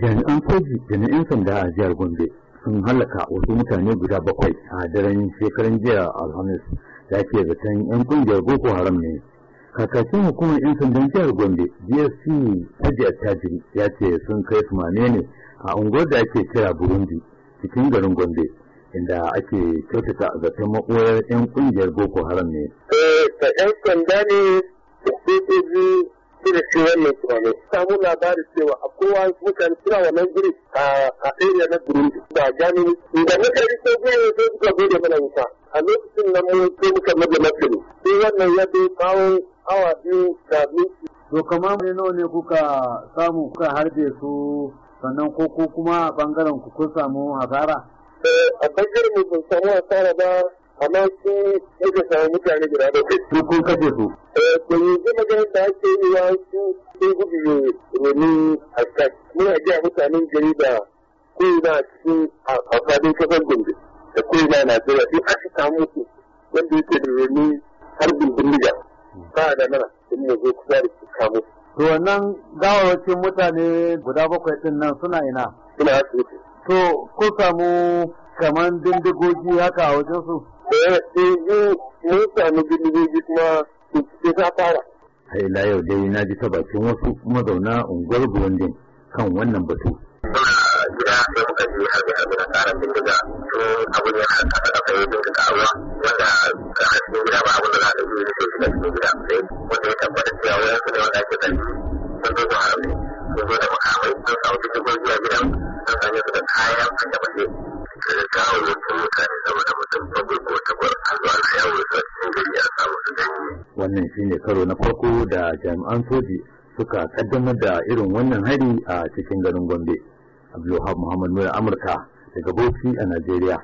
jami'an na yan sanda a jihar gombe sun halaka wasu mutane guda bakwai a daren shekaran jiya alhamis da ke zaton yan kungiyar boko haram ne kakakin hukumar yan sandan jihar gombe dsc hajji attajiri ya ce sun kai sumame ne a unguwar da ake kira burundi cikin garin gombe inda ake kyautata zaton maɓoyar yan kungiyar boko haram ne. Eh, shine shi wannan tsoro samu labari cewa akwai kowa mutane suna wannan guri a area na Burundi da gani da muka so ko guri sai suka gode mana wuta a lokacin nan mun sai muka maje masiri sai wannan ya bi kawo awa biyu da minti to kamar ne nawa ne kuka samu kuka harbe su sannan ko ko kuma bangaren ku kun samu hasara eh, a bangaren mu kun samu hasara ba amma su suka samu mutane guda da Su kun kashe su? Da eh, yanzu maganar da ake yi wa su sun gudu wani attack. Muna gaya mutanen gari da ko'ina a cikin a fadin kasar Gombe da ko'ina na Najeriya sai aka samu su wanda yake da har harbin bindiga. Ba da mana sun mu zo kusa da su kamo. To wannan gawawacin mutane guda bakwai ɗin nan suna ina? Suna asibiti. To Ko samu kamar dindigogi haka a wajen su? mun samu jirgi kuma sai ta fara. ila yau dai na ji ta bakin wasu mazauna unguwar Burundin kan wannan batu. gida sai muka ji harbe harbe na tsarin bindiga tun abin ya harka da kafa yin bindiga awa wanda a cikin gida ba abin da za a yi ne sai shiga cikin gida sai wanda ya tabbata cewa wayan su ne wanda ake zargi sun zo da harbe sun zo da makamai sun samu cikin gurbiya gidan sun sanya su da kayan fashe da kawo yankin wannan shine karo na farko da jami'an soji suka kaddamar da irin wannan hari a cikin garin gombe abdulhab muhammad na amurka daga bauchi a najeriya